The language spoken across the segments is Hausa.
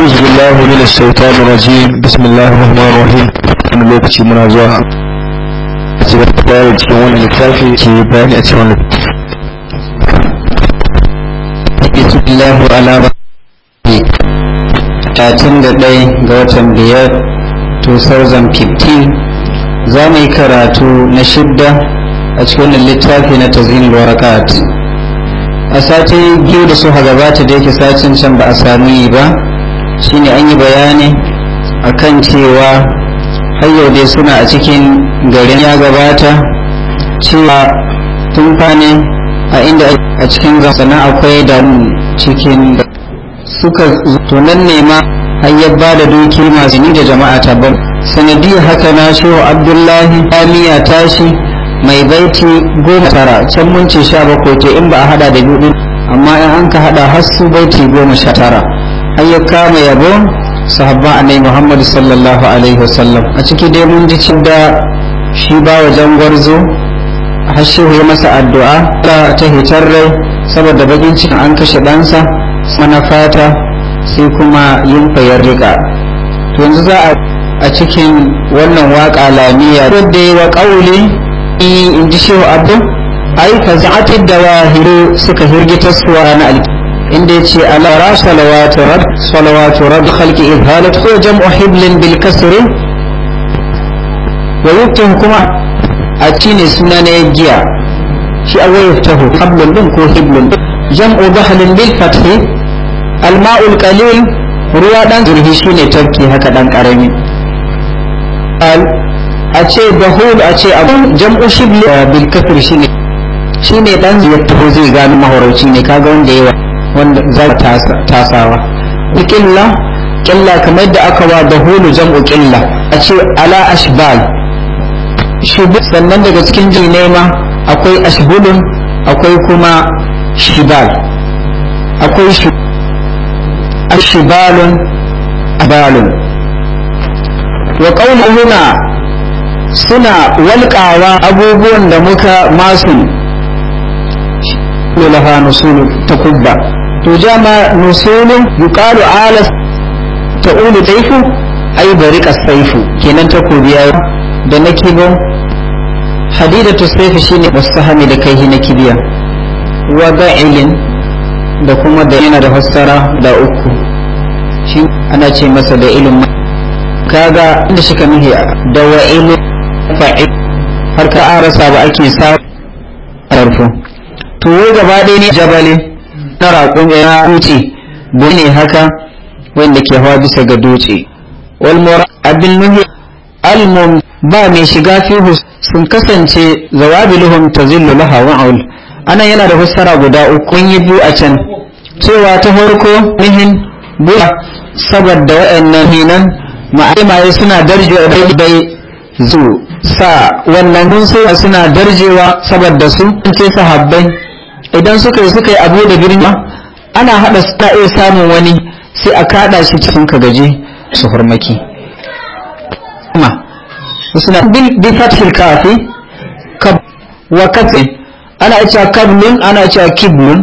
أعوذ بالله من الشيطان الرجيم بسم الله الرحمن الرحيم من لوكتي منازوها أتبع التقارب تكون الكافي كي باني أتكون لك الله على رحمه تاتن دقي غوتن بيار 2015 زامي كراتو نشدة أتكون اللتافي نتزين الورقات a sati biyu da suka gabata da yake satin can ba a sami ba shine an yi bayani akan cewa har dai suna a cikin garin ya gabata cewa tun fane a inda a cikin gasana akwai da cikin da suka tunan nema har ba da doki masu ni da jama'a tabbar sanadi haka na shehu abdullahi amiya tashi mai baiti goma tara can mun ce sha bakwai in ba a hada da biyu amma in an ka hada har su baiti goma sha tara har ya kama yabon sahabba annabi Muhammad sallallahu alaihi wasallam a ciki dai mun ji da shi ba wajen gwarzo har ya masa addu'a ta hitar rai saboda bakin cikin an kashe ɗansa mana fata sai kuma yin fayar riƙa to yanzu za a cikin wannan waƙa lamiya wadda yi wa ƙauli in ji shehu abu ai ka za'atar da wahiru suka hirgitar suwa na alƙi inda ya ce alara salawatu rad salawatu rad khalqi ibhalat ko jam'u hiblin bil kasri wa yuktin kuma a cine suna na giya shi a wayar taho hablun din ko hiblin. jam'u bahlin bil fathi alma'ul qalil ruwa dan shi shine tafki haka dan karami al a ce bahul a ce abu. jam'u shibli eh, bil kasri shine shine dan zai taho zai gano mahorauci ne kaga wanda yawa wanda za tasawa ƙilla ƙilla kamar da aka wa da hulu jam'u ƙilla a ce ala ashbal sannan daga cikin jinema akwai ashbulun akwai kuma shibal akwai ashibalun abalun wa ƙaunuhuna suna walƙawa abubuwan da muka masu lulafa nusulu ta kubba تجمع نصول يقال على تقول سيف أي بريق السيف كنا تقول بيا بنكب حديدة السيف شيني والسهم لكيه نكبيا وبعل da kuma da yana da fassara da uku shi ana ce masa da ilimin kaga inda shi kamihi da wa ilimin har ka arasa ba ake sa ƙarfi to wai gaba ɗaya ne jabale. na kun ya wuce ne haka wanda ke hawa bisa ga doce mura abin nuhi almum ba mai shiga fihu sun kasance zawabiluhum tazillu laha wa'ul anan yana da fassara guda uku yi bu a can cewa ta farko nihin bula saboda wa'annan hinan ma'aimaye suna darje dai zu sa wannan gunsu suna darjewa saboda su ce sahabbai idan suka yi suka yi abu da girma ana haɗa su iya samun wani sai a kaɗa shi cikin gaje su hurmaki kuma suna bin fatil kafi wa katsin ana cewa kablun ana cewa kiblun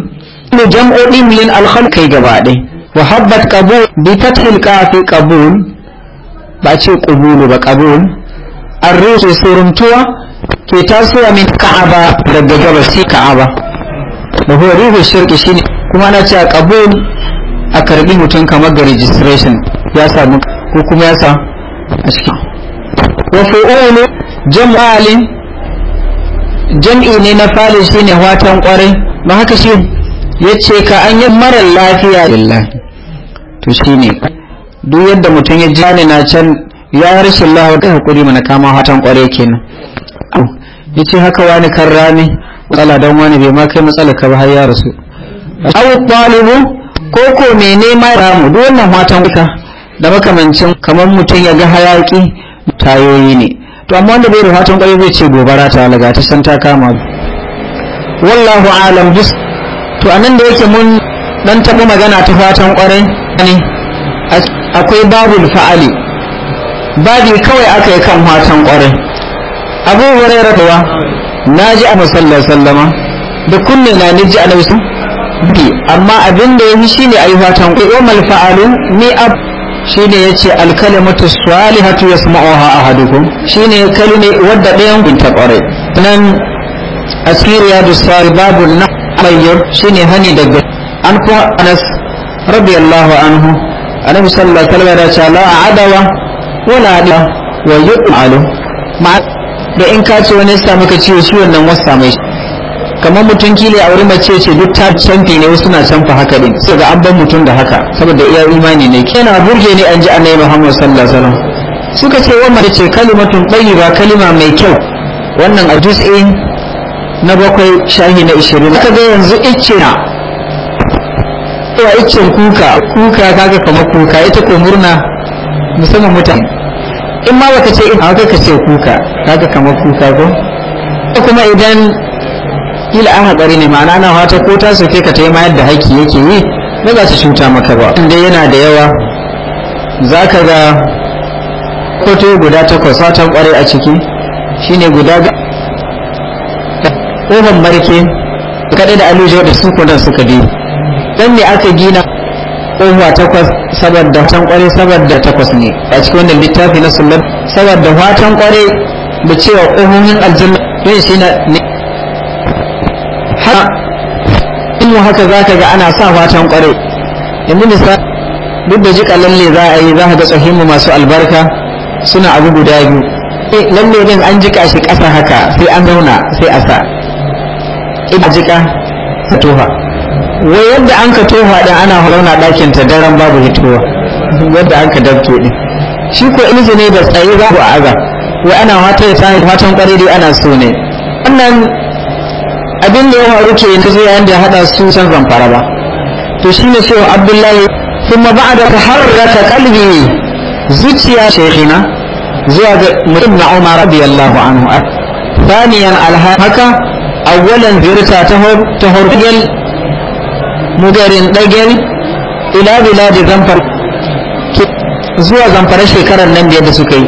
ne jam'o'i min al-khalqi gaba ɗai wa habbat qabul bi fatil kafi qabul ba ce qabulu ba qabul arrusu suruntuwa ke tasowa min ka'aba daga gabasi ka'aba wa huwa ruhu shirki shine kuma na ce a qabul a karbi mutum kamar ga registration ya samu ko kuma ya sa a cikin wa fu'ulu jam'ali jam'i ne na falin shine watan kwarai ba haka shi yace ka an yi mara lafiya lillahi to shine duk yadda mutum ya ji na can ya rashin lawa kai hakuri mana kama watan kwarai kenan yace haka wani kan rami matsala don wani bai ma kai matsala ka ba har ya rasu awu talibu ko ko mai ramu duk wannan matan ka da makamancin kamar mutum ya ga hayaki tayoyi ne to amma wanda bai da fatan kwarai zai ce gobara ta laga ta san ta kama wallahu alam bis to anan da yake mun dan taɓa magana ta fatan kwarai ne akwai babul fa'ali babi kawai aka yi kan fatan kwarai abu hurairah na ji a musallar sallama da kunne na ni ji a nausu bi amma abin da ya fi shine a yi fatan kwai o malfa'alu ni ab shine ya ce alkalimatu salihatu ya sama oha a hadukun shine kalime wadda ɗayan gunta ƙwarai nan a du da sari babu na bayyar shine hani daga an kuma anas radiyallahu anhu annabi sallallahu alaihi wasallam ya ce la adawa wala da wa yu'alu ma'a da in ka ce wani ya maka ciwo shi wannan wasa mai kamar mutum kila a wuri mace ce duk ta canfi ne wasu na canfa haka din sai ga an bar mutum da haka saboda iya imani ne kena burge ne an ji annabi Muhammad sallallahu alaihi wasallam suka ce wannan ce kalimatun tayyiba kalima mai kyau wannan a juz'in na bakwai shahi na 20 aka ga yanzu icce na ko iccen kuka kuka kaga kamar kuka ita ko murna musamman mutane in ma baka ce ina haka ka ce kuka haka kamar kuka ko kuma idan ila an haƙari ne ma'ana na wata ko ta sauke ka ma yadda haƙƙi yake yi ba za su cuta maka ba inda yana da yawa za ka ga kwato guda takwas ta kware a ciki shine guda ga ƙofan barke kaɗai da alujo da su kudan suka bi dan ne aka gina kofa takwas saboda watan kware saboda takwas ne a cikin wannan littafi na sunan saboda watan kware da cewa ƙofofin aljanna yin shi na ne ha in haka za ka ga ana sa watan kware yanzu misali duk da jika lalle za a yi za ka ga tsohinmu masu albarka suna abu guda biyu eh, lalle din an jika shi ƙasa haka sai an zauna sai a sa ina jika tofa wai yadda an ka tofa din ana hulauna ɗakin ta daren babu hitowa yadda an ka dabto din shi ko ilji ne da tsaye za ku aza wai ana wata ya sani fatan kwarai ana so ne wannan abin da ya faru ke yanzu zai yayin da ya haɗa su san zamfara ba to shi ne cewa abdullahi ma ba'a da harrata kalbi zuciya shekina zuwa ga mutum na umar radiyallahu anhu alhaka على هكا اولا زرتا ta تهر mudarin dagel ila biladi zamfar zuwa zamfara shekarar nan biyar da suka yi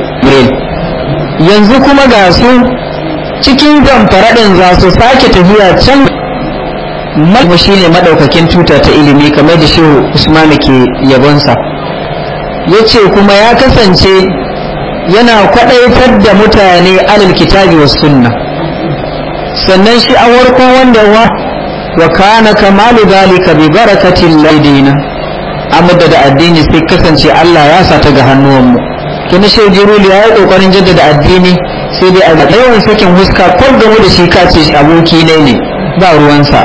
yanzu kuma ga su cikin zamfara din za su sake tafiya can kuma shi ne maɗaukakin tuta ta ilimi kamar da shehu usmani ke yabonsa ya ce kuma ya kasance yana kwaɗaitar da mutane alal kitabi wa sunna sannan shi a wanda wa wa kana kamalu dalika bi barakatin laidina amma da addini sai kasance Allah ya sa ta ga mu. kina shi jiru ya yi kokarin jaddada addini sai dai a yawan sakin huska kwal gamu da shi ka ce aboki ne ne ba ruwansa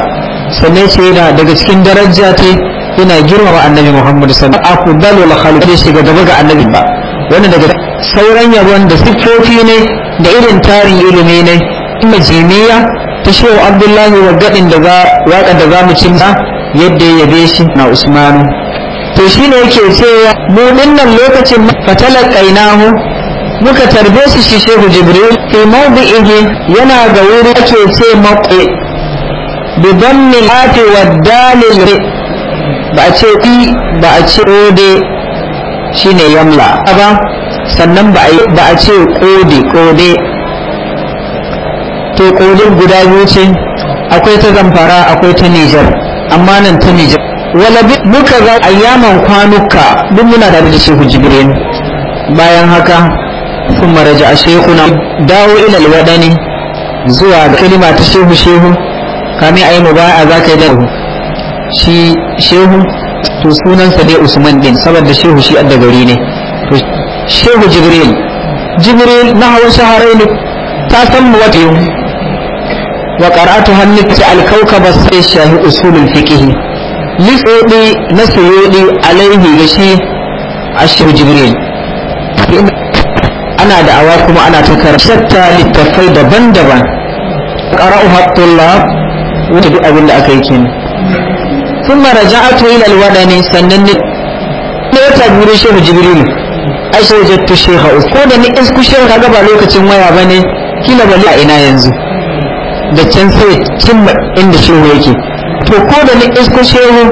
sannan ce da daga cikin daraja ta yana girmama annabi Muhammad sallallahu alaihi wasallam afdalul khalqi shiga gaba ga annabi ba wannan daga sauran yabon da siffofi ne da irin tarin ilimi ne majimiya ta wa abdullahi wa gaɗin da waka da za mu cinna yadda ya yabe shi na usmanu to shi ne yake cewa mu dinnan lokacin mu, muka tarbe shi shi shehu jibril fi mawdi'ihi yana ga wuri ake ce maqi bi dammi lati wa dalil ba a ce ba a ce ode shine yamla ba sannan ba a ce ƙode kode to guda biyu ce akwai ta zamfara akwai ta nijar amma nan ta nijar wala muka ga ayyaman kwanuka duk muna tare da shehu jibrin bayan haka sun maraja a shekuna dawo ilal waɗani zuwa ga kalima ta shehu shehu kami a yi mu baya za ka yi da shi shehu to sunansa dai usman din saboda shehu shi adda gari ne to shehu jibril jibril na hawan shaharai ne ta san mu wata yau wa qara'atu hannitti al-kawkaba sai shahi usulul fiqh lisodi na suyudi alaihi da shi Ashiru jibril ana da awa kuma ana ta karshatta littafai daban-daban qara'u hattullah wata duk abin da aka yi kenan thumma raja'atu ila al ne sannan ne ta gure shehu jibril ai sai jattu shehu ko da ni isku shehu ka gaba lokacin waya ne? kila bali a ina yanzu da can sai cimma inda shehu yake to ko da ni isko shehu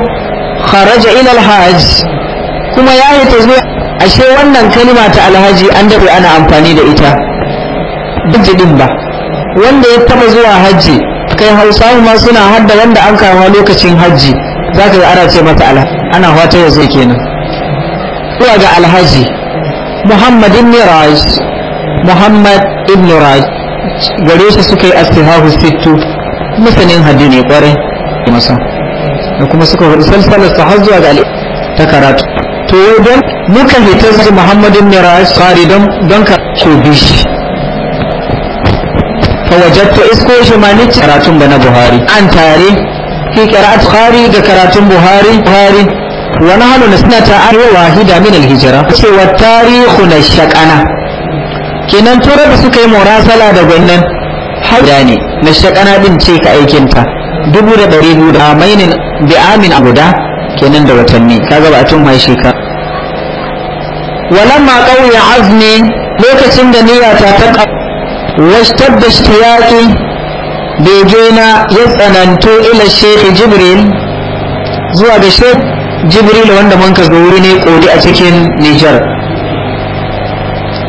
kharaja ila alhajj kuma ya yi zuwa ashe wannan kalima ta alhaji an daɗe ana amfani da ita bijidin ba wanda ya taba zuwa hajji kai hausawa ma suna hadda wanda an kawo lokacin hajji zaka ka ara ce mata ala ana wata ya kenan zuwa ga alhaji muhammad ibn raj muhammad ibn raj gare shi suka yi astihahu sittu masanin hadi ne kwarai da masa da kuma suka faɗi salsalar su har zuwa ga ta karatu to yau don muka hita su muhammadin ne ra'ayi tsari don don ka cobi shi fa wajatta isko shi ma ni karatun da na buhari an tare ke karatu. buhari da karatun buhari buhari wa nahnu nasnata ar wahida min al-hijra cewa tarihu na shaqana kenan tura da suka yi murasala da gwannan hauda ne na shakana din ce ka aikinta dubu da ɗari hudu a mainin bi amin a guda kenan da watanni ka gaba a tun mai ma walamma ƙauye azmi lokacin da niyyata ta ƙa washtar da shi begena ya tsananto ila shekhi jibril zuwa ga shekhi jibril wanda mun ka wuri ne kodi a cikin nijar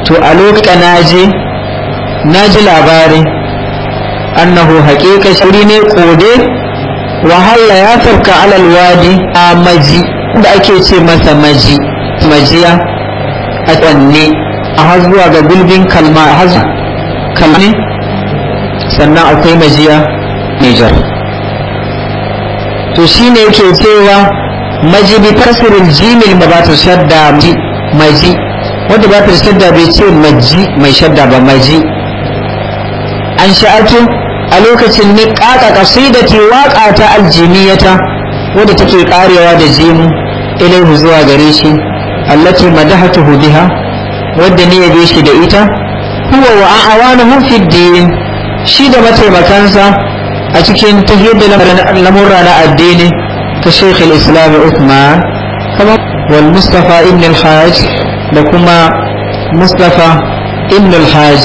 to a lokacin na naji labari annahu haƙiƙa shuri ne kode wahala ya farka alal a maji da ake ce masa maji majiya a tsanne a har zuwa ga gulbin kalma har kalma sannan akwai majiya Nijar to shine yake cewa maji bi tasirin ba ta shadda maji wanda ba ta shadda bai ce maji mai shadda ba maji an sha'atu a lokacin ne ƙaƙa ƙasidati waƙa ta aljimiyata wadda take ƙarewa da jimu ilaihu zuwa gare shi allati madahatuhu biha wadda ne yabe shi da ita huwa wa a'awanuhum fi din shi da mataimakansa a cikin tahiyar da lamurra na addini ta shekul islam uthman kamar wal mustafa ibn al-hajj da kuma mustafa ibn al-hajj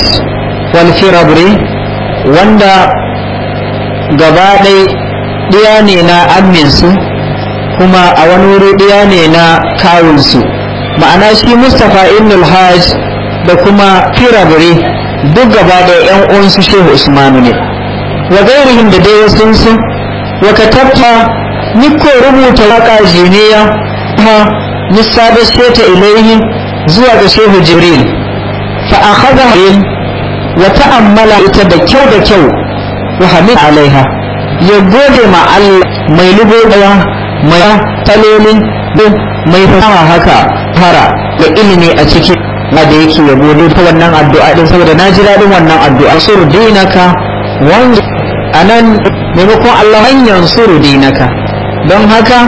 wal firabri wanda gaba ɗai ɗiya ne na amminsu kuma a wani wuri ɗiya ne na kawunsu ma'ana shi mustafa ibn al-hajj da kuma firabri duk gaba ɗaya 'yan uwansu shehu usmanu ne wa gairihim da dai wasu wa katabta ni ko rubuta waka jiniya ha ni sabashe ta ilaihi zuwa ga shehu jibril fa akhadha wa ta'ammala ita da kyau da kyau wa hamid alaiha ya gode ma Allah mai lugowa mai talolin mai fasaha haka fara da ilimi a cikin da yake ya gode ta wannan addu'a din saboda na ji daɗin wannan addu'a suru dinaka wanda anan maimakon Allah hanyar suru dinaka don haka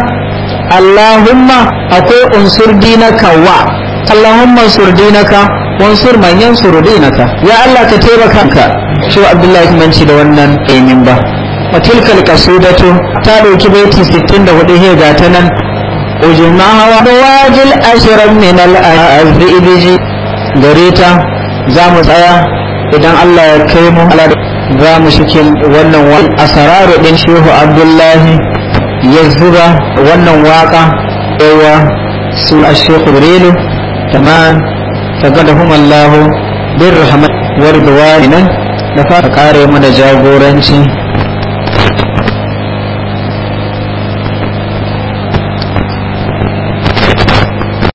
Allahumma akwai unsur dinaka wa Allahumma sur dinaka wansur man yansur dinaka ya Allah ka taimaka ka shi Abdullahi ci da wannan aimin ba wa tilkal qasudatu ta dauki baiti 64 he ga ta nan ujmaha wa wajil ashran min al azbiji gare ta za mu tsaya idan Allah ya kai mu za mu shikin wannan wal asararu din shehu Abdullahi ya zuba wannan waka yawa sun ashe kubrilu kyaman tagadahum Allah bin rahmat wa nan da fara kare mana jagoranci